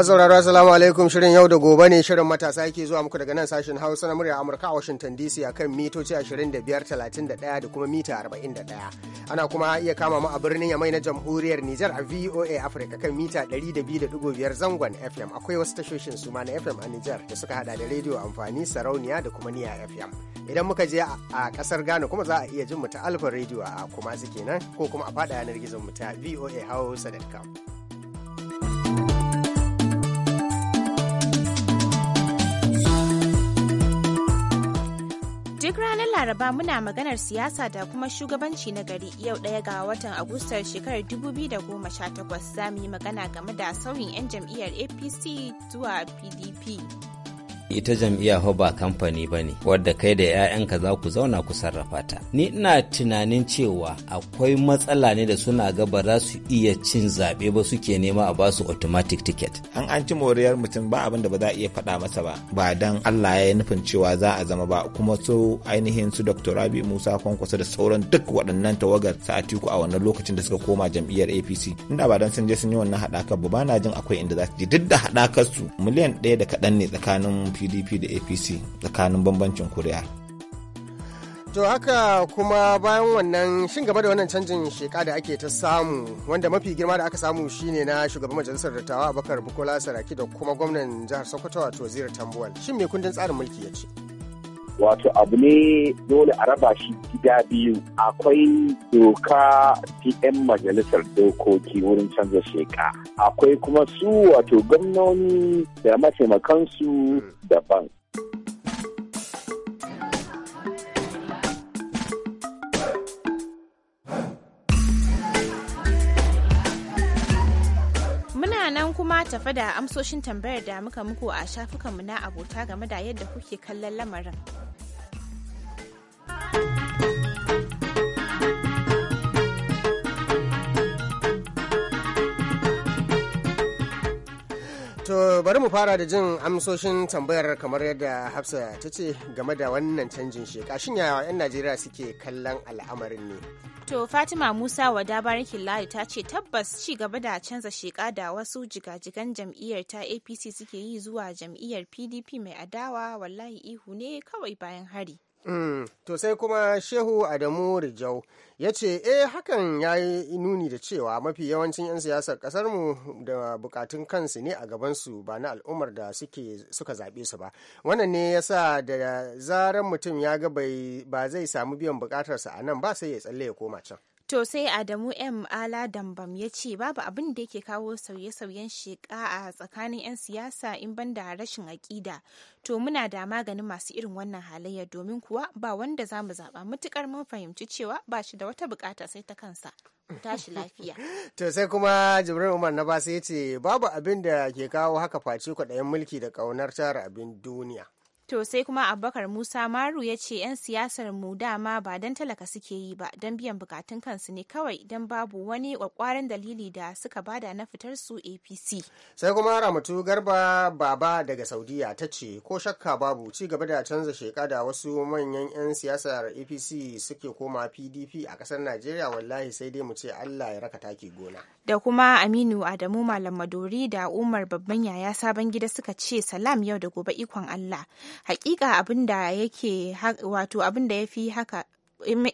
sauraro assalamu alaikum shirin yau da gobe ne shirin matasa yake zuwa muku daga nan sashen hausa na murya amurka a washington dc a kan mitoci 25 da kuma mita 41 ana kuma iya kama mu a birnin yamai na jamhuriyar nijar a voa africa kan mita 200.5 zangon fm akwai wasu tashoshin suma na fm a nijar da suka hada da rediyo amfani sarauniya da kuma niya fm idan muka je a kasar ghana kuma za a iya jin mu ta alfa rediyo a kuma kenan ko kuma a fada yanar gizon mu ta voa hausa.com Duk ranar Laraba muna maganar siyasa da kuma shugabanci na gari yau ɗaya ga watan Agustar shekarar 2018 za mu yi magana game da sauyin 'yan jam'iyyar APC zuwa PDP. ita jam'iyya ho ba kamfani ba ne wadda kai da 'ya'yanka za ku zauna ku sarrafa ta ni ina tunanin cewa akwai matsala ne da suna ga ba za su iya cin zaɓe ba suke nema a basu automatic ticket an an ci moriyar mutum ba abin da ba za a iya faɗa masa ba ba dan Allah ya yi nufin cewa za a zama ba kuma su ainihin su Dr. Rabi Musa Kwankwaso da sauran duk waɗannan tawagar sa'atiku a wannan lokacin da suka koma jam'iyyar APC inda ba dan sun je sun yi wannan haɗakar ba ba na jin akwai inda za su je duk da haɗakar su miliyan ɗaya da kaɗan ne tsakanin pdp da apc tsakanin bambancin kuri'a To haka kuma bayan wannan shin gaba da wannan canjin sheka da ake ta samu wanda mafi girma da aka samu shine na shugaban majalisar dattawa Abubakar Bukola Saraki da kuma gwamnan jihar Sokoto wato Zira Tambuwal. Shin me kundin tsarin mulki ya ce? wato abu ne dole a raba shi gida biyu akwai doka ta 'yan majalisar dokoki wurin canza sheka akwai kuma su wato gwamnoni da mataimakansu daban kuma tafa da amsoshin tambayar da muka muku a shafukanmu na abota game da yadda kuke kallon lamarin. To bari mu fara da jin amsoshin tambayar kamar yadda Hafsa ta ce game da wannan canjin sheka. Shin yaya 'yan Najeriya suke kallon al'amarin ne? To Fatima Musa wa barikin Layi ta ce tabbas ci gaba da canza sheka da wasu jigajigan jam'iyyar ta APC suke yi zuwa jam'iyyar PDP mai adawa wallahi ihu ne kawai bayan hari. Mm, to sai kuma Shehu Adamu Rijau ya ce, "E hakan ya yi nuni da cewa mafi yawancin 'yan siyasar kasarmu da bukatun kansu ne a gabansu ba na al'ummar da suka zaɓe su ba. Wannan ne ya sa da zarar mutum ya ga ba zai samu biyan bukatarsa a nan ba sai ya tsalle ya koma can. To sai Adamu M. Ala Dambam ya ce babu abin da yake kawo sauye-sauyen sheƙa a tsakanin 'yan siyasa in ban da rashin aƙida. To muna da maganin masu irin wannan halayya domin kuwa ba wanda za mu zaɓa matuƙar mun fahimci cewa ba shi da wata buƙata sai ta kansa. Tashi lafiya. to sai kuma Jibril Umar na ba sai ce babu abin da ke kawo haka face kwaɗayin mulki da ƙaunar tara abin duniya. To sai kuma Abubakar Musa Maru ya ce 'yan siyasar mu dama ba don talaka suke yi ba don biyan bukatun kansu ne kawai don babu wani kwakwaran dalili da suka bada na fitar su APC. Sai kuma Ramatu Garba Baba daga Saudiya ta ce ko shakka babu ci gaba da canza sheka da wasu manyan 'yan siyasar APC suke koma PDP a ƙasar Najeriya wallahi sai dai mu ce Allah ya raka taki gona. Da kuma Aminu Adamu Malam Madori da Umar babban yaya sabon gida suka ce salam yau da gobe ikon Allah. hakika abin da yake wato abin ya fi haka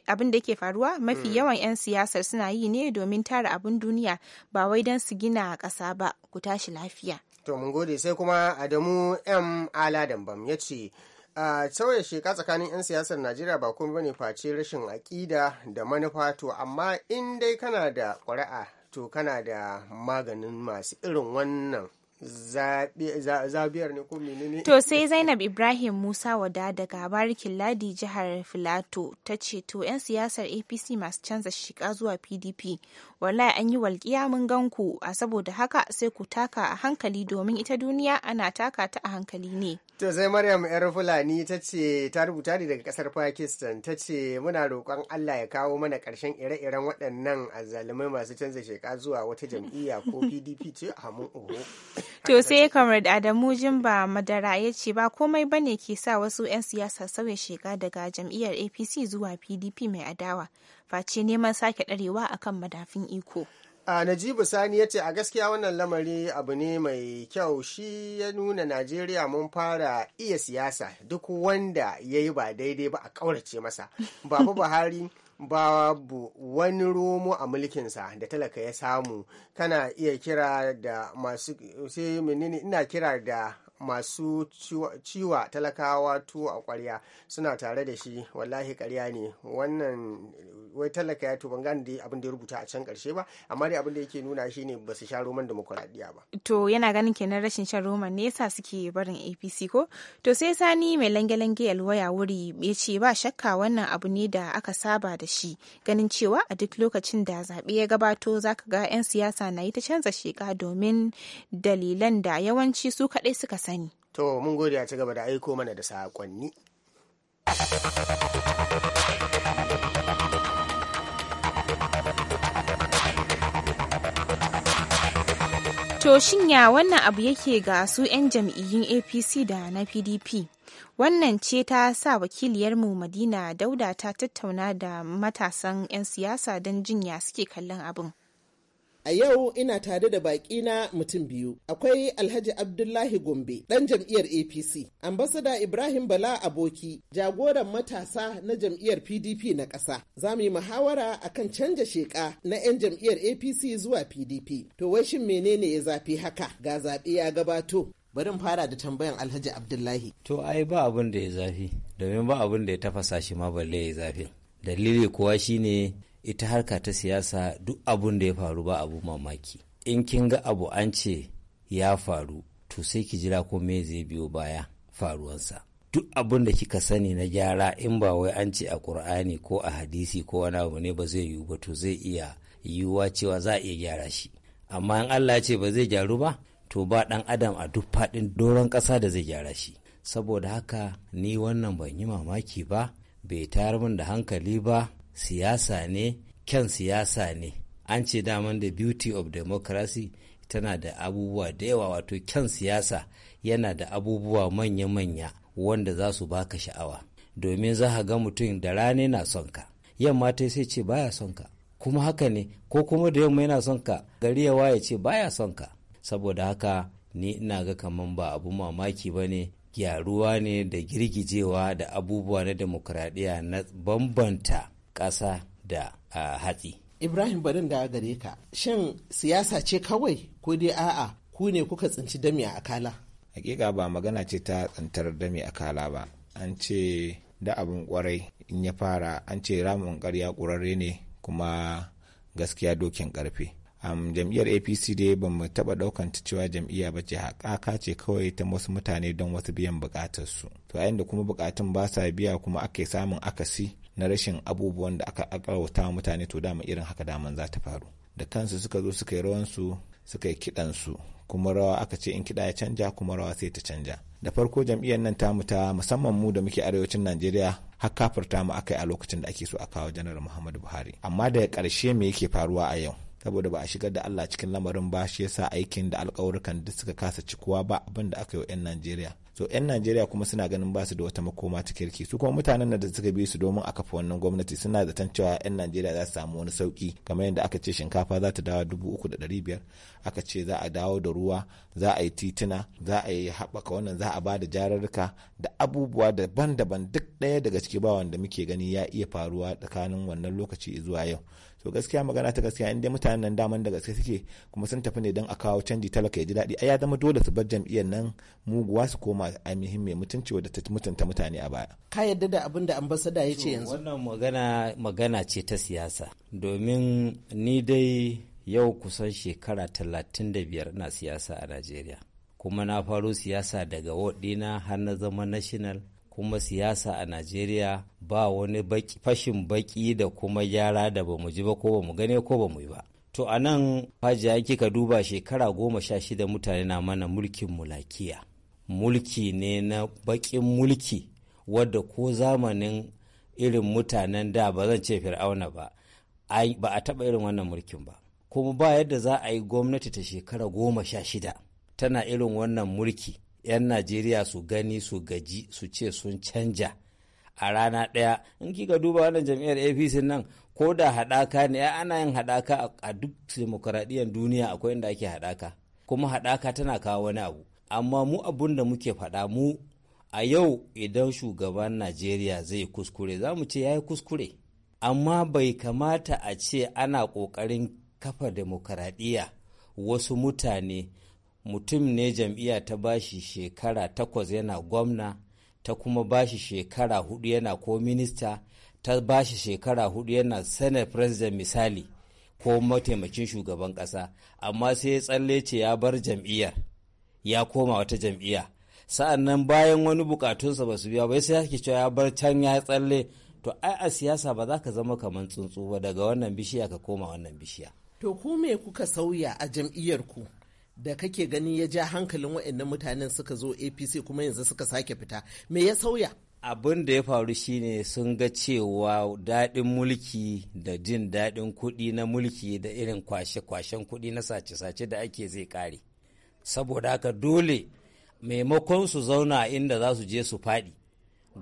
abin da ke faruwa mafi hmm. yawan 'yan siyasar suna yi ne domin tara abin duniya ba wai don su gina ƙasa ba ku tashi lafiya to mun gode sai kuma adamu m ala dambam ya ce a sauya sheka tsakanin 'yan siyasar najeriya ba kuma bane face rashin aƙida da manufa to amma in dai kana da ƙuri'a to kana da maganin masu irin wannan zabiyar ne ko menene to sai zainab ibrahim musa wada daga barikin ladi jihar filato ta ce to 'yan siyasar apc masu canza shiga zuwa pdp wallahi an yi walƙiya mun gan ku a saboda haka sai ku taka a hankali domin ita duniya ana taka ta a hankali ne to sai maryam yar fulani ta ce ta rubuta ne daga kasar pakistan ta ce muna roƙon allah ya kawo mana ƙarshen ire-iren waɗannan azzalumai masu canza shika zuwa wata jam'iyya ko pdp ce a hamun oho To sai kamar Adamu Jimba Madara ya ce ba komai bane ke sa wasu 'yan siyasa sauya shiga daga jam'iyyar APC zuwa PDP mai adawa, face neman sake ɗarewa akan madafin iko. a najibu sani ya ce a gaskiya wannan lamari abu ne mai kyau shi ya nuna najeriya mun fara iya siyasa duk wanda ya yi ba daidai ba a ƙaurace masa babu buhari babu wani romo a mulkinsa da talaka ya samu kana iya kira da masu sai menene ina kira da masu ciwa talakawa tuwo a kwarya suna tare da shi wallahi karya ne wannan wai talaka ya to ban gane dai abin da ya rubuta a can karshe ba amma dai abin da yake nuna shi ne ba su sha roman demokuraɗiyya ba. to yana ganin kenan rashin shan roman ne yasa suke barin apc ko to sai sani mai lange-lange alwaya wuri ya ce ba shakka wannan abu ne da aka saba da shi ganin cewa a duk lokacin da zaɓe ya gabato za ka ga 'yan siyasa na yi ta canza sheka domin dalilan da yawanci su kaɗai suka sani. To mun gode a ci gaba da aiko mana da saƙonni. To shin wannan abu yake ga su 'yan jam'iyyun APC da na PDP? Wannan ce ta sa wakiliyarmu Madina Dauda ta tattauna da matasan 'yan siyasa don jinya suke kallon abin. A yau ina tare da baƙi na mutum biyu. Akwai Alhaji Abdullahi Gombe, ɗan jam'iyyar APC. Ambasada Ibrahim Bala Aboki, jagoran matasa na jam'iyyar PDP na ƙasa. Za mu yi muhawara a kan canja sheƙa na 'yan jam'iyyar APC zuwa PDP. To wai shin menene ya zafi haka? Ga zaɓe ya gabato. bari fara da tambayan alhaji abdullahi to ai ba abin da ya zafi domin ba abin da ya tafasa shi ma balle ya zafi dalili kuwa shine ita harka ta siyasa duk abun da ya faru ba abu mamaki in kin ga abu an ce ya faru to sai ki jira ko me zai biyo baya faruwansa duk abun da kika sani na gyara in ba wai an ce a ƙur'ani ko a hadisi ko wani abu ne ba zai yiwu ba to zai iya yiwuwa cewa za a iya gyara shi amma in Allah ce ba zai gyaru ba to ba dan adam a duk faɗin doron ƙasa da zai gyara shi saboda haka ni wannan ban yi mamaki ba bai tayar min da hankali ba siyasa ne kyan siyasa ne an ce daman da beauty of democracy tana da abubuwa da yawa wato kyan siyasa yana da abubuwa manya-manya wanda za su baka sha'awa domin za ga mutum da rana na son ka yamma ta sai ce baya son ka kuma haka ne ko kuma da yamma yana son ka gari ya waye ce baya son ka saboda haka ni ina ga kaman ba abu mamaki ba ne gyaruwa ne da girgijewa da abubuwa na demokradiyya na bambanta ƙasa da hatsi. Ibrahim barin da gare ka shin siyasa ce kawai ko dai a'a ku ne kuka tsinci dami a akala? Hakika ba magana ce ta tsintar dami a kala ba an ce da abin kwarai in ya fara an ce ramin karya ƙurare ne kuma gaskiya dokin karfe. Um, jam'iyyar apc dai ba mu taɓa ɗaukan cewa jam'iyya ba ce haƙaƙa ce kawai ta wasu mutane don wasu biyan buƙatarsu to yayin da kuma buƙatun ba sa biya kuma ake samun akasi na rashin abubuwan da aka akarauta mutane to dama irin haka daman za ta faru da kansu suka zo suka yi rawansu suka yi kiɗansu kuma rawa aka ce in kiɗa ya canja kuma rawa sai ta canja da farko jam'iyyar nan ta ta musamman mu da muke arewacin najeriya har kafirta mu aka yi a lokacin da ake so a kawo janar muhammadu buhari amma daga ƙarshe me yake faruwa a yau saboda ba a shigar da Allah cikin lamarin ba shi yasa aikin da alƙawurkan duk suka kasa cikuwa ba abin da aka yi wa 'yan Najeriya so 'yan najeriya kuma suna ganin basu da wata makoma ta kirki su kuma mutanen da suka bi su domin a kafa wannan gwamnati suna zaton cewa 'yan najeriya za su samu wani sauki kamar yadda aka ce shinkafa za ta dawo dubu uku da ɗari biyar aka ce za a dawo da ruwa za a yi tituna za a yi haɓaka wannan za a ba da jararruka da abubuwa daban-daban duk ɗaya daga ciki ba wanda muke gani ya iya faruwa tsakanin wannan lokaci zuwa yau so gaskiya magana ta gaskiya inda mutanen nan daman da gaske suke kuma sun tafi ne don a kawo canji talaka ya ji daɗi ai ya zama dole su bar jam'iyyar nan muguwa su koma ainihin mai mutunci wadda ta mutunta mutane a baya ka yadda da abin da ambasada ya ce yanzu wannan magana magana ce ta siyasa domin ni dai yau kusan shekara talatin da biyar na siyasa a najeriya kuma na faro siyasa daga wadina har na zama national kuma siyasa a najeriya ba wani fashin baki da kuma gyara da ba mu ji ba ko ba mu gane ko ba mu yi ba to a nan hajiya ka duba shekara goma sha shida mutane na mana mulkin mulakiya mulki ne na bakin mulki wadda ko zamanin irin mutanen da ba zan ce fir'auna ba ba a taɓa irin wannan mulkin ba kuma ba yadda za a yi gwamnati ta shekara goma sha shida tana irin wannan mulki 'yan najeriya su gani su gaji su ce sun canja a rana ɗaya in kika duba wannan jam'iyyar apc nan ko da haɗaka ne ana yin haɗaka a duk demokuraɗiyyar duniya akwai inda ake haɗaka kuma haɗaka tana kawo wani abu amma mu abun da muke faɗa mu a yau idan shugaban najeriya zai kuskure za mu ce ya yi kuskure amma bai kamata a ce ana ƙoƙarin kafa demokuraɗiyya wasu mutane mutum ne jam'iyya ta bashi shekara takwas yana gwamna ta kuma bashi shekara hudu yana ko minista ta bashi shekara hudu yana senate president misali ko mataimakin shugaban kasa amma sai ya tsalle ce ya bar jam'iyyar ya koma wata jam'iyya sa'an nan bayan wani bukatunsa ba su biya ba sai ake cewa ya bar can ya tsalle to ai a siyasa ba za ka zama kamar tsuntsu ba daga wannan bishiya ka koma wannan bishiya to ku me kuka sauya a jam'iyyar ku da kake gani ya ja hankalin waɗannan mutanen suka zo apc kuma yanzu suka sake fita me ya sauya abin da ya faru shine sun ga cewa daɗin mulki da jin daɗin kuɗi na mulki da irin kwashe-kwashen kuɗi na sace-sace da ake zai kare. saboda haka dole maimakon su zauna inda za su je su faɗi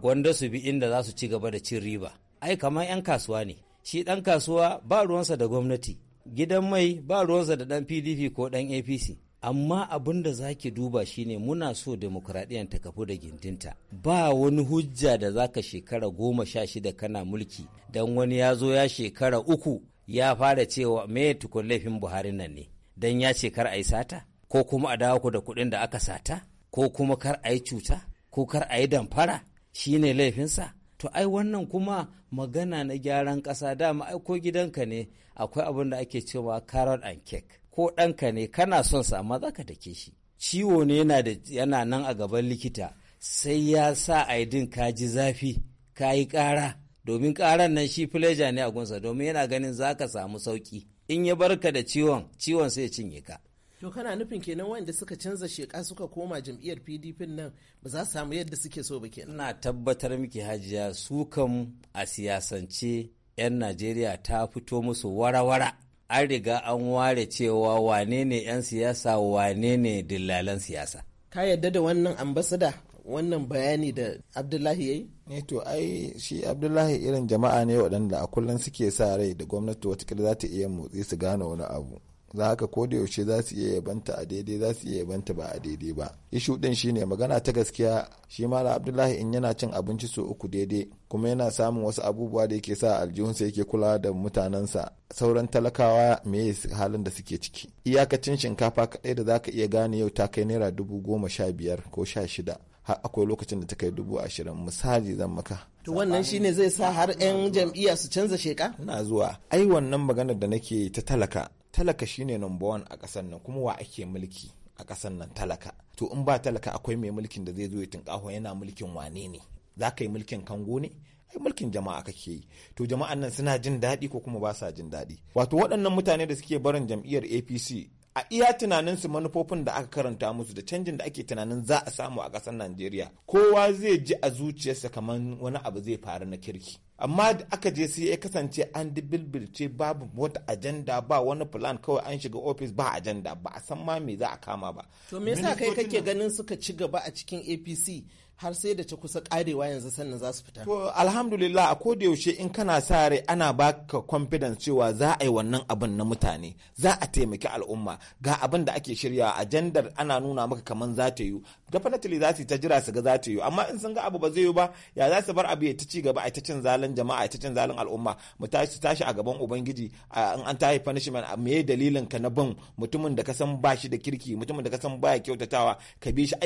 gwanda su bi inda za su ci gaba da cin riba ai kamar 'yan kasuwa ne shi ɗan kasuwa ba ruwansa da gwamnati gidan mai ba ruwansa da ɗan pdp ko ɗan apc amma abin da za ki duba shine muna so demokuraɗiyyar ta kafu da gindinta ba wani hujja da za ka shekara goma sha shida kana mulki don wani ya zo ya shekara uku ya fara cewa me tukun laifin buhari nan ne don ya ce kar a yi sata ko kuma a dawo ku da kuɗin da aka sata ko kuma kar a yi cuta ko kar a yi damfara shine laifinsa to ai wannan kuma magana na gyaran ƙasa dama ai ko gidanka ne akwai abin da ake cewa carrot and cake ko ɗanka ne kana son sa amma za ka take shi ciwo ne yana da yana nan a gaban likita sai ya sa aidin ka ji zafi ka yi ƙara domin ƙaran nan shi fileja ne a gunsa domin yana ganin za ka samu sauƙi in ya barka da ciwon ciwon sai ya cinye ka to kana nufin kenan wanda suka canza sheka suka koma jam'iyyar pdp nan ba za su samu yadda suke so ba kenan ina tabbatar miki hajiya su kam a siyasance 'yan najeriya ta fito musu wara-wara an riga an ware cewa wane ne 'yan siyasa wane ne dillalan siyasa. Ka yadda da wannan ambasada wannan bayani da Abdullahi ya yi? Ne eh to ai shi Abdullahi irin jama'a ne waɗanda a kullum suke sa rai da gwamnati wata za ta iya motsi su gane wani abu. za haka ko da yaushe za su iya yabanta a daidai za su iya yabanta ba a daidai ba ishu din shine magana ta gaskiya shi mala abdullahi in yana cin abinci su uku daidai kuma yana samun wasu abubuwa da yake sa aljihunsa yake kula da mutanensa sauran talakawa me halin da suke ciki iyakacin shinkafa kaɗai da zaka iya gane yau ta kai naira dubu goma sha biyar ko sha shida har akwai lokacin da ta kai dubu ashirin misali zan maka to wannan shine zai sa har 'yan jam'iyya su canza sheka na zuwa ai wannan maganar da nake ta talaka talaka shine number one a ƙasar nan kuma wa ake mulki a ƙasar nan talaka to in ba talaka akwai mai mulkin da zai zo ya tunƙaho yana mulkin wane ne za ka yi mulkin kango ne ai mulkin jama'a kake yi to jama'an nan suna jin daɗi ko kuma ba sa jin daɗi wato waɗannan mutane da suke barin jam'iyyar apc a iya tunanin su manufofin da aka karanta musu da canjin da ake tunanin za a samu a ƙasar Najeriya kowa zai ji a zuciyarsa kamar wani abu zai faru na kirki amma da aka je sai ya kasance an bilbilce babu wata ajanda ba wani plan kawai an shiga ofis ba ajanda ba a san ma me za a kama ba to me yasa kai kake ganin suka ci gaba a cikin APC har sai da ta kusa karewa yanzu sannan za su fita. To alhamdulillah a da yaushe in kana sa rai ana baka confidence cewa za a yi wannan abin na mutane za a taimaki al'umma ga abin da ake shirya ajandar ana nuna maka kaman za ta yi definitely za su ta jira su ga za ta yi amma in sun ga abu ba zai yi ba ya za su bar abu ya ta ci gaba a ta cin zalin jama'a a ta cin zalin al'umma mu tashi tashi a gaban ubangiji in an tashi punishment me dalilin ka na bin mutumin da ka san ba shi da kirki mutumin da ka san baya kyautatawa ka bi shi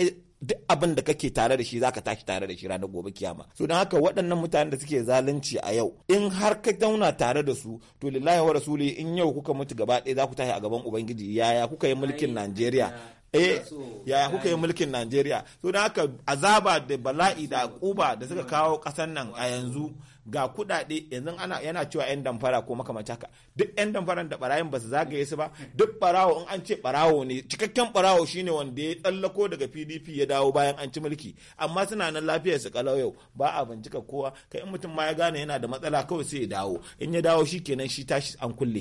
duk abin da kake tare da shi zaka tashi tare da shi ranar gobe kiyama so don haka waɗannan mutanen da suke zalunci a yau in har ka zauna tare da su to lillahi wa rasuli in yau kuka mutu gaba ɗaya za ku tashi a gaban ubangiji yaya kuka yi mulkin najeriya eh yaya kuka yi mulkin Najeriya so da haka azaba da bala'i da kuba da suka kawo kasan nan a yanzu ga kuɗaɗe yanzu ana yana cewa yan damfara ko makamanta haka duk yan damfaran da barayin ba su zagaye su ba duk barawo in an ce barawo ne cikakken barawo shine wanda ya tsallako daga PDP ya dawo bayan an ci mulki amma suna nan lafiyar su kalau yau ba a bincika kowa kai in mutum ma ya gane yana da matsala kawai sai ya dawo in ya dawo shi kenan shi tashi an kulle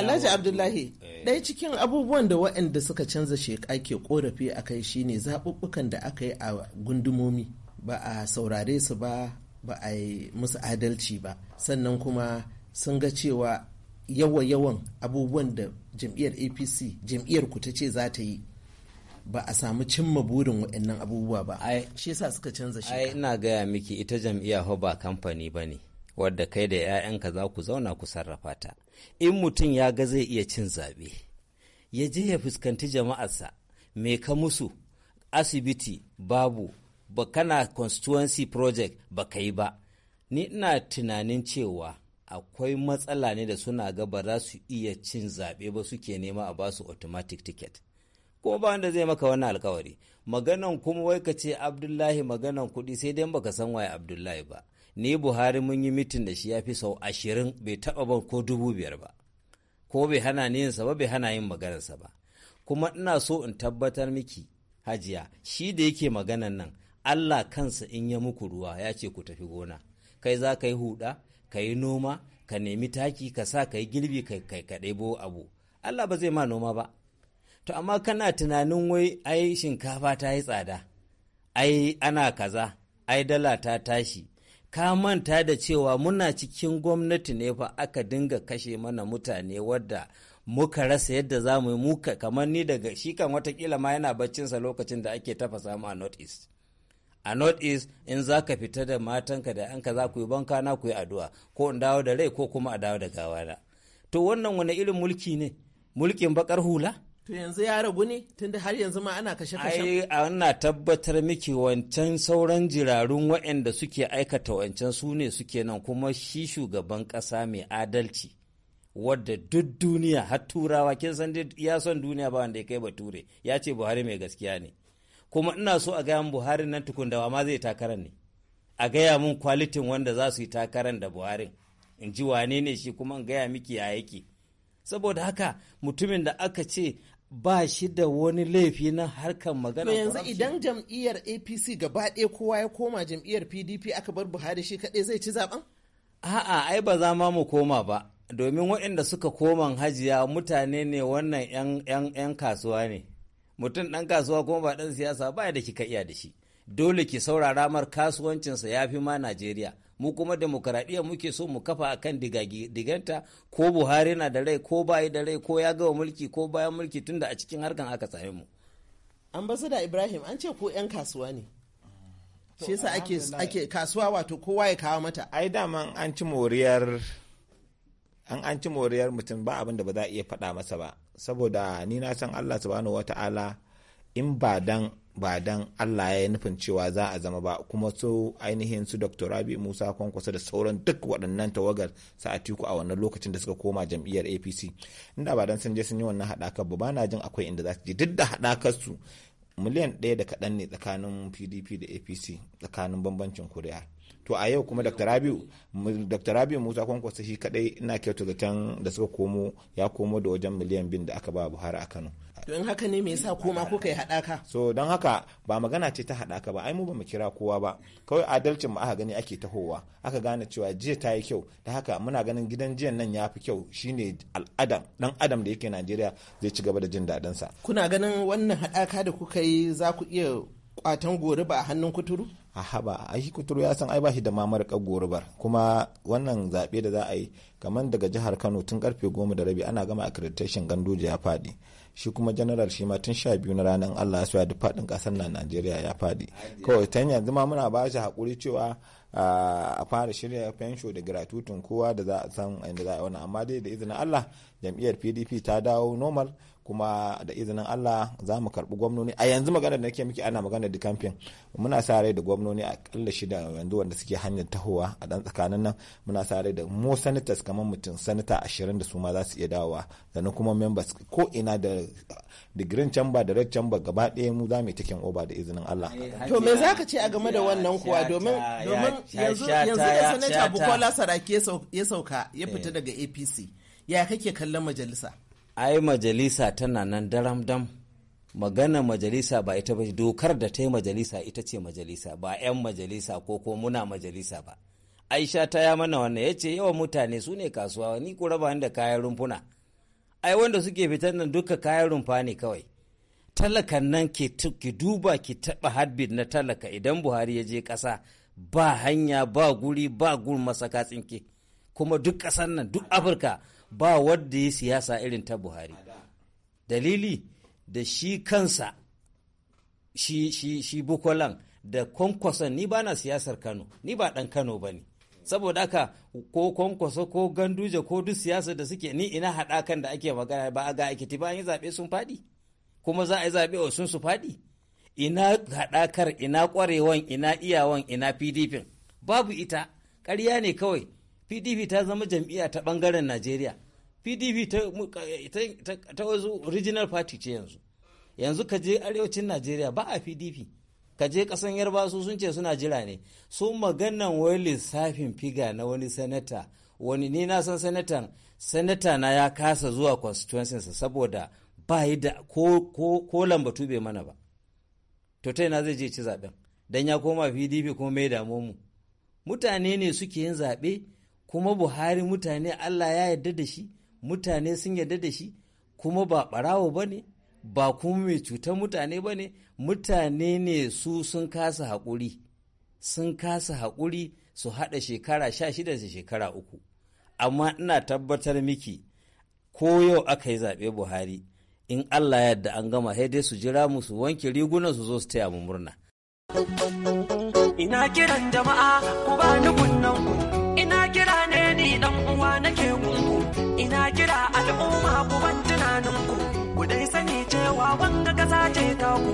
Alhaji Abdullahi eh. ɗaya cikin abubuwan da waɗanda suka canza sheka ke korafi a kai shine zaɓuɓɓukan da aka yi a gundumomi ba a saurare su ba ba a yi musu adalci ba sannan kuma sun ga cewa yawa-yawan abubuwan da jam'iyyar apc jam'iyyar ku ta ce za ta yi ba a samu cimma burin waɗannan abubuwa ba shi sa suka canza shi ai ina gaya miki ita jam'iyya ho ba kamfani ba ne wadda kai da 'ya'yanka za ku zauna ku sarrafa ta in mutum ya ga zai iya cin zaɓe ya je ya fuskanci jama'arsa me ka musu asibiti babu ba kana constituency project ba ka yi ba ni ina tunanin cewa akwai matsala ne da suna ga ba za su iya cin zaɓe ba suke nema a basu automatic ticket kuma ba wanda zai maka wannan alkawari maganan kuma wai ka ce abdullahi maganan kuɗi sai dai baka san waye abdullahi ba ni buhari mun yi mitin da shi ya fi sau ashirin bai taɓa ban ko dubu biyar ba ko bai hana ni yinsa ba bai hana yin maganarsa ba kuma ina so in tabbatar miki hajiya shi da yake maganan nan Allah kansa in ya muku ruwa ya ce ku tafi gona kai za ka yi huda ka yi noma ka nemi taki ka sa ka yi girbi kai ka ɗebo abu Allah ba zai ma noma ba to amma kana tunanin wai ai shinkafa ta yi tsada ai ana kaza ai dala ta tashi ka manta da cewa muna cikin gwamnati ne fa aka dinga kashe mana mutane wadda muka rasa yadda za mu yi muka kamar ni daga shi kan watakila ma yana baccinsa lokacin da ake tafasa mu a north east a north east in za ka fita da matanka da anka za ku yi banka na ku yi addu'a ko in dawo da rai ko kuma a dawo da gawana to wannan wani irin mulki ne mulkin bakar hula to yanzu ya ragu ne tunda har yanzu ma ana kashe kashe ai ana tabbatar miki wancan sauran jirarun waɗanda suke aikata wancan su ne suke nan kuma shi shugaban kasa mai adalci wadda duk duniya har turawa kin san ya son duniya ba wanda ya kai bature ya ce buhari mai gaskiya ne kuma ina so a gaya mu buhari nan tukun da ma zai takarar ne a gaya mun kwalitin wanda za su yi takarar da buhari in ji wane ne shi kuma in gaya miki ya yake saboda haka mutumin da aka ce ba shi da wani laifi na harkar magana yanzu idan jam'iyyar apc gaba ɗaya kowa ya koma jam'iyyar pdp aka bar buhari shi kaɗai zai ci zaben a'a ai ba za ma mu koma ba domin waɗanda suka koma hajiya mutane ne wannan 'yan kasuwa ne mutum ɗan kasuwa kuma ba ɗan siyasa ba da kika iya da shi dole ki saurara mar kasuwancinsa ya fi ma najeriya mu kuma demokaradiyya muke so mu kafa akan diganta ko buhari na da rai ko bayi da rai ko ya gawa mulki ko bayan mulki tunda a cikin harkan aka same mu ambasada ibrahim an ce ko 'yan kasuwa ne shi yasa ake ake kasuwa wato kowa ya kawo mata ai dama an ci moriyar an an ci moriyar mutum ba abin da ba za a iya faɗa masa ba saboda ni na san Allah subhanahu wata'ala in ba dan ba dan Allah ya yi nufin cewa za a zama ba kuma su ainihin su Dr. Rabi Musa kwankwasa da sauran duk waɗannan tawagar sa'atiku a wannan lokacin da suka koma jam'iyyar APC inda ba dan sun je sun yi wannan haɗakar ba na jin akwai inda za su je duk da haɗakar su miliyan ɗaya da kaɗan ne tsakanin PDP da APC tsakanin bambancin kuri'a to a yau kuma dr rabiu dr rabiu musa kwankwasa shi kadai ina kyauta zaton da suka komo ya komo da wajen miliyan bin da aka ba buhari a kano don haka ne me yasa koma ko kai haɗaka so don haka ba magana ce ta haɗaka ba ai mu ba mu kira kowa ba kawai adalcin mu aka gani ake tahowa aka gane cewa jiya ta yi kyau da haka muna ganin gidan jiyan nan ya fi kyau shine al'adam dan adam da yake najeriya zai ci gaba da jin sa. kuna ganin wannan haɗaka da kuka yi za ku iya kwatan gori ba a hannun kuturu a haba a shi kuturu ya san ai ba shi da mamar gorubar kuma wannan zaɓe da za a yi kamar daga jihar kano tun karfe goma da rabi ana gama accreditation ganduje ya faɗi shi kuma general shi ma tun sha biyu na ranar allah ya duk faɗin ƙasar na najeriya ya faɗi kawai ta yanzu ma muna ba shi haƙuri cewa a fara shirya fensho da gratutun kowa da za a san inda za a yi wannan amma dai da izinin allah jam'iyyar pdp ta dawo normal kuma da izinin Allah za mu karɓi gwamnoni a yanzu magana da nake miki ana magana da kamfen muna sa rai da gwamnoni a ƙalla shida yanzu wanda suke hanyar tahowa a ɗan tsakanin nan muna sa rai da mu sanitas kamar mutum sanita ashirin da su ma za su iya dawowa sannan kuma members ko ina da da green chamber da red chamber gaba ɗaya mu za mu taken over da izinin Allah. Eh, to me za ka ce a game da wannan kuwa domin yanzu da senator Bukola Sarake ya sauka ya fita eh. daga APC ya kake kallon majalisa? ai majalisa tana nan daram dam magana majalisa ba ita ba dokar da ta yi majalisa ita ce majalisa ba 'yan majalisa ko ko muna majalisa ba aisha ta ya mana wannan ya ce yawan mutane su ne kasuwa ni ku raba da kayan rumfuna ai wanda suke fitan nan duka kayan rumfa ne kawai talakan nan ki duba ki taba hadbin na talaka idan buhari ya je ƙasa ba hanya ba guri ba gun masaka tsinke kuma duk ƙasar nan duk afirka ba wadda ya siyasa irin ta buhari dalili da shi kansa shi shi bukolan da kwankwason ni ba na siyasar kano ni ba dan kano ba ne saboda haka ko kwankwaso ko ganduje ko duk siyasar da suke ni ina haɗakan da ake magana ba a ga akiti ba yi zaɓe sun faɗi kuma za a yi zaɓe sun su faɗi ina haɗakar ina kwarewan, ina iyawan ina pdp babu ita karya ne kawai pdp ta zama jam'iyya ta bangaren najeriya pdp ta wasu original party ce yanzu yanzu ka je arewacin najeriya ba a pdp ka je kasan yarba su sun ce suna jira ne su maganan wai lissafin figa na wani sanata wani ni na san sanatan sanata na ya kasa zuwa constituencinsa saboda ba yi da ko, ko, lambatu bai mana ba to ta zai je ci zaben dan ya koma pdp kuma mai damu mu mutane ne suke yin zaɓe kuma buhari mutane allah ya yarda da shi mutane sun yarda da shi kuma ba barawo ba ne ba kuma mai cutar mutane ba ne mutane ne su sun kasa haƙuri sun kasa haƙuri su haɗa shekara sha shida da shekara uku amma ina tabbatar miki ko yau aka yi zaɓe buhari in allah yadda an gama sai su jira mu su wanke rigunan su zo su taya mu murna ina kiran jama'a ku ba ni kunnen ku na nake gungu ina kira al'umma ku ban tunaninku ku dai sani cewa wanga kasa ce ta ku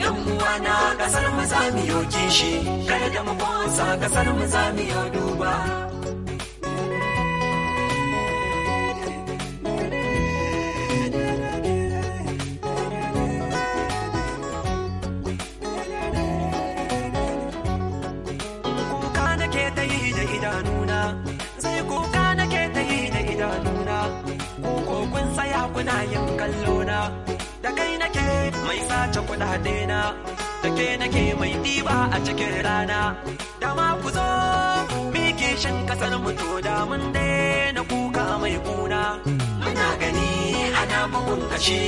yan na kasar mu za mu yoke shi kada mu kosa kasar mu za mu duba kuna yin kallo na da kai nake mai sace kuɗaɗe na da ke nake mai ɗiba a cikin rana da ma ku zo mike shin kasar mu to da mun na kuka mai kuna muna gani ana bugun kashe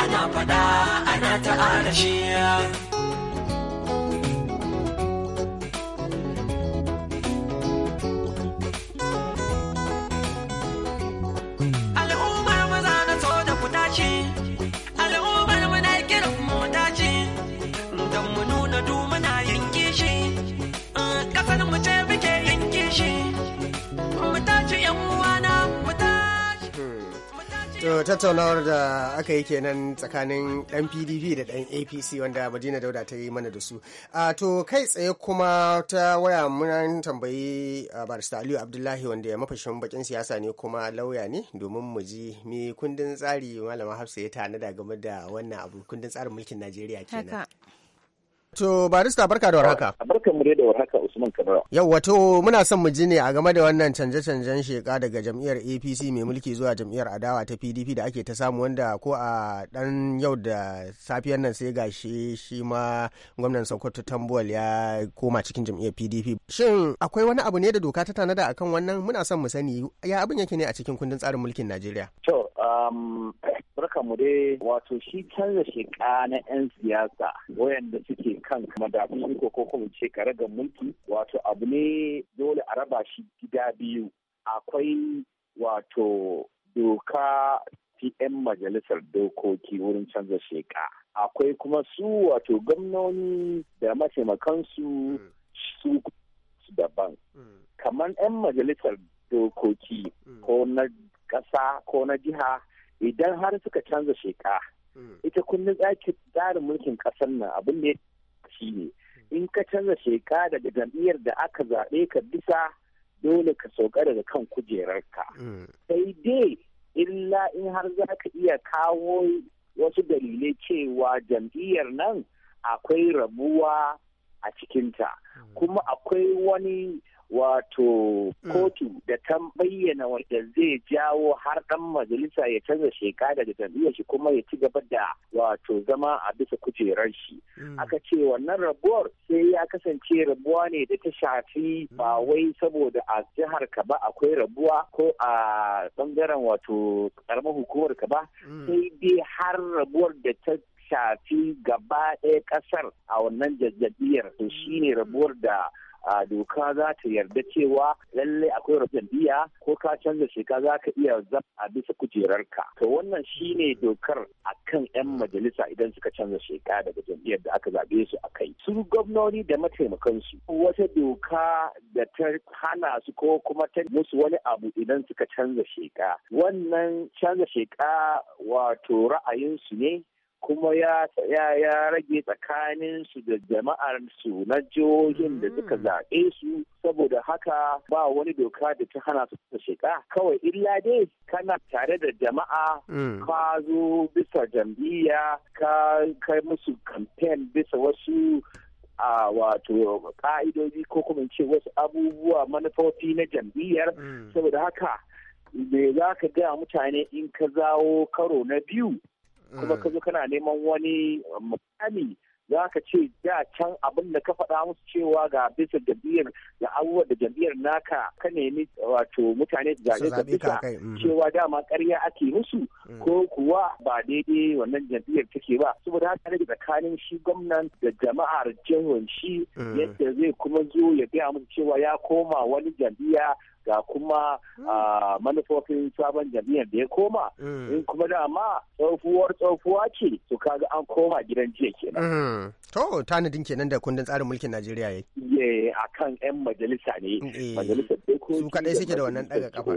ana fada ana ta shi. tattaunawar da aka yi kenan tsakanin dan pdp da dan apc wanda madina dauda ta yi mana da su a to kai tsaye kuma ta waya muna tambayi barista aliyu abdullahi wanda ya mafashin bakin siyasa ne kuma lauya ne domin mu ji me kundin tsari malama hafsa ya tanada game da wannan abu kundin tsarin mulkin najeriya kenan To barista barka da warhaka. Barka mu da warhaka Usman Kabara. Yau wato muna son mu ji ne a game da wannan canje-canjen sheka daga jam'iyyar APC mai mulki zuwa jam'iyyar adawa ta PDP da ake ta samu wanda ko a dan yau da safiyar nan sai gashi shi ma gwamnan Sokoto Tambuwal ya koma cikin jam'iyyar PDP. Shin akwai wani abu ne da doka ta tanada akan wannan muna son mu sani ya abin yake ne a cikin kundin tsarin mulkin Najeriya. To um, barka mu dai wato shi canza sheka na 'yan siyasa wayanda suke kan madafun iko ko kuma ce karagar mulki wato abu ne dole a raba shi gida biyu akwai wato doka yan majalisar dokoki wurin canza sheka akwai kuma su wato gwamnoni da mataimakansu su daban mm. kamar 'yan majalisar dokoki mm. ko na ƙasa ko na jiha idan har suka canza sheka hmm. ita zaki tsarin mulkin kasar nan abin da ya shi ne in ka canza sheka daga jam'iyyar da aka zaɓe ka bisa dole ka sauka daga kan kujerarka hmm. sai dai illa in har za ka iya kawo wasu dalilai cewa jam'iyyar nan akwai rabuwa a cikinta hmm. kuma akwai wani wato mm. kotu da ta bayyana wanda zai jawo har dan majalisa ya canza sheka daga jam'iyyar shi kuma ya ci gaba da wato zama a bisa kujerar shi mm. aka ce wannan rabuwar sai ya kasance rabuwa ne da ta shafi mm. ba wai saboda a jihar ka ba akwai rabuwa ko a bangaren wato karamar hukumar ka ba sai dai har rabuwar da ta shafi gaba ɗaya ƙasar a wannan jajjabiyar to shine rabuwar da a doka za ta yarda cewa lallai akwai rufin biya ko ka canza sheka za ka iya zab a bisa kujerarka to wannan shine dokar akan 'yan majalisa idan suka canza sheka daga jam'iyyar da aka zaɓe su a kai su gwamnoni da mataimakansu wata doka da ta hana su ko kuma ta musu wani abu idan suka canza sheka wannan canza sheka wato ra'ayinsu ne kuma ya ya rage tsakanin su da jama'ar su na jihohin da suka mm. zaɓe su saboda haka ba wani doka da ta hana su ta shiga kawai illa dai kana tare da jama'a mm. ka zo bisa jam'iyya ka kai musu kamfen bisa wasu a wato ka'idoji ko kuma ce wasu abubuwa manufofi na jam'iyyar mm. saboda haka me za ka gaya mutane in ka zawo karo na biyu kuma mm. ka zo kana neman wani um, mukami za ka ce da can abin da ka faɗa musu cewa ga bisa jam'iyyar da abubuwa da jam'iyyar naka ka nemi wato mutane su zaɓe ka bisa mm. cewa dama karya ake musu mm. ko kuwa ba daidai wannan jam'iyyar take ba saboda haka ne tsakanin shi gwamnan da jama'ar jihar shi yadda zai kuma zo ya gaya musu cewa ya koma wani jam'iyya ga kuma hmm. ah, manufofin sabon jami'ar da ya koma hmm. in kuma dama tsofuwar tsofuwa ce to kaga an koma gidan jiya kenan. Hmm. To tanadin kenan da kundin tsarin mulkin Najeriya ya yi. Eh, a kan 'yan majalisa ne. Eh, majalisar dokoki. Su kaɗai suke da wannan ɗaga kafa.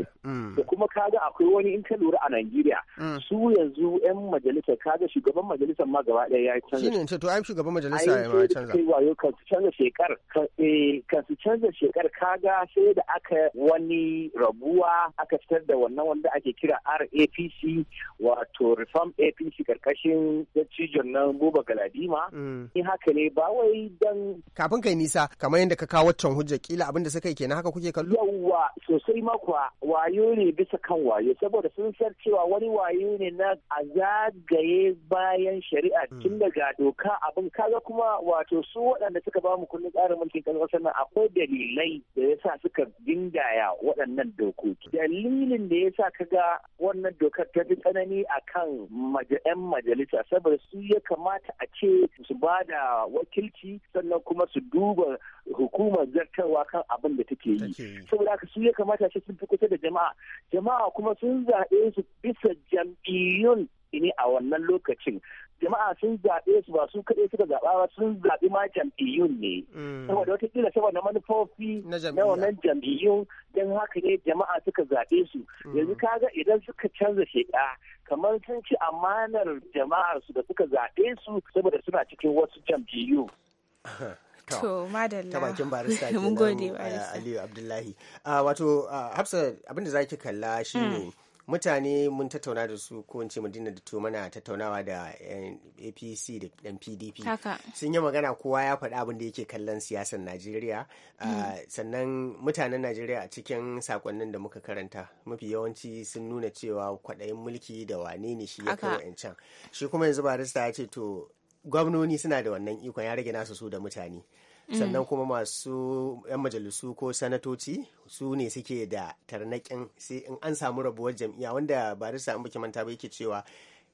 Da kuma kaga akwai wani in ka lura a Najeriya. Su yanzu 'yan Majalisa. kaga shugaban majalisar ma gaba ɗaya ya canza. Shi ne to ai shugaban majalisa ya yi canza. Ai wayo kan su canza shekar. Eh, kan su canza shekar kaga sai da aka wani wani rabuwa aka fitar da wannan wanda ake kira rapc wato reform apc karkashin dattijon nan buba galadima mm. in haka ne ba wai dan kafin kai nisa kamar yadda ka kawo waccan hujja kila abin da suka yi kenan haka kuke kallo yawwa sosai makwa wayo ne bisa kan wayo saboda sun san cewa wani wayo ne na a zagaye bayan shari'a mm. tun daga doka abin kaga kuma wato su waɗanda suka ba mu kundin tsarin mulkin ƙasar nan akwai dalilai da yasa suka gindaya waɗannan dokoki. Dalilin da ya sa ka ga wannan dokar ta fi tsanani a kan 'yan majalisa saboda su ya kamata a ce su ba da wakilci sannan kuma su duba hukumar zartarwa kan abin da take yi. Saboda haka su ya kamata ce sun fi kusa da jama'a. Jama'a kuma sun zaɓe su bisa jam'iyyun ne a wannan lokacin jama'a sun zaɓe su ba su kaɗai suka zaɓa ba sun zaɓi ma jam'iyyun ne. Mm. Saboda wata ƙila saboda manufofi na wannan jam'iyyun don haka ne jama'a suka zaɓe su. Mm. Yanzu kaga idan suka canza sheɗa kamar sun ci amanar jama'ar su da suka zaɓe su saboda suna cikin wasu jam'iyyun. To, madalla. Ta bakin barista kenan uh, Aliyu Abdullahi. Uh, wato, uh, Hafsa abinda za ki kalla shi ne. Mm. mutane mun tattauna da su ko ce madina da mana tattaunawa da apc da dan pdp sun yi magana kowa ya faɗi abin da yake kallon siyasar najeriya ah, mm. sannan mutanen najeriya a cikin sakonnin da muka karanta mafi yawanci sun nuna cewa kwaɗayin mulki da wane ne shi ya kawo can shi kuma yanzu barista ya ce to gwamnoni suna da wannan ikon ya rage nasu su da mutane sannan mm. kuma masu 'yan majalisu ko sanatoci su ne suke da tarnaƙin sai in an samu rabuwar jam'iyya wanda barista an baki manta ba yake cewa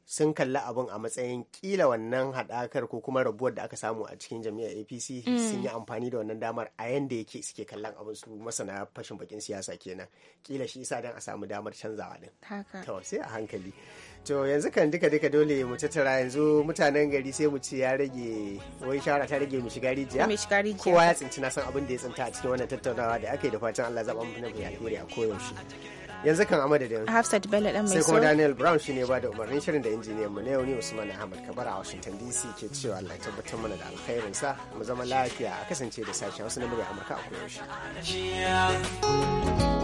sun kalla abin a matsayin kila wannan haɗakar ko kuma rabuwar da aka samu a cikin jami'ar apc sun yi mm. amfani da wannan damar a yanda yake suke kallon abin su masana fashin bakin siyasa kenan kila shi isa don a samu damar canzawa din to sai a hankali to yanzu kan duka duka dole mu tattara yanzu mutanen gari sai mu ci ya rage wai shawara ta rage mu shiga rijiya kowa ya tsinci na san abin da ya tsinta a cikin wannan tattaunawa da aka yi da fatan allah zaɓa mu na alheri a koyaushe yanzu kan a madadin Hafsat Bello dan mai sai kuma Daniel Brown shine ba da umarnin shirin da injiniyan mu ne ni Usman Ahmad Kabar a Washington DC ke cewa Allah ya tabbatar mana da alkhairin sa mu zama lafiya a kasance da sashi wasu na murya Amurka a koyaushe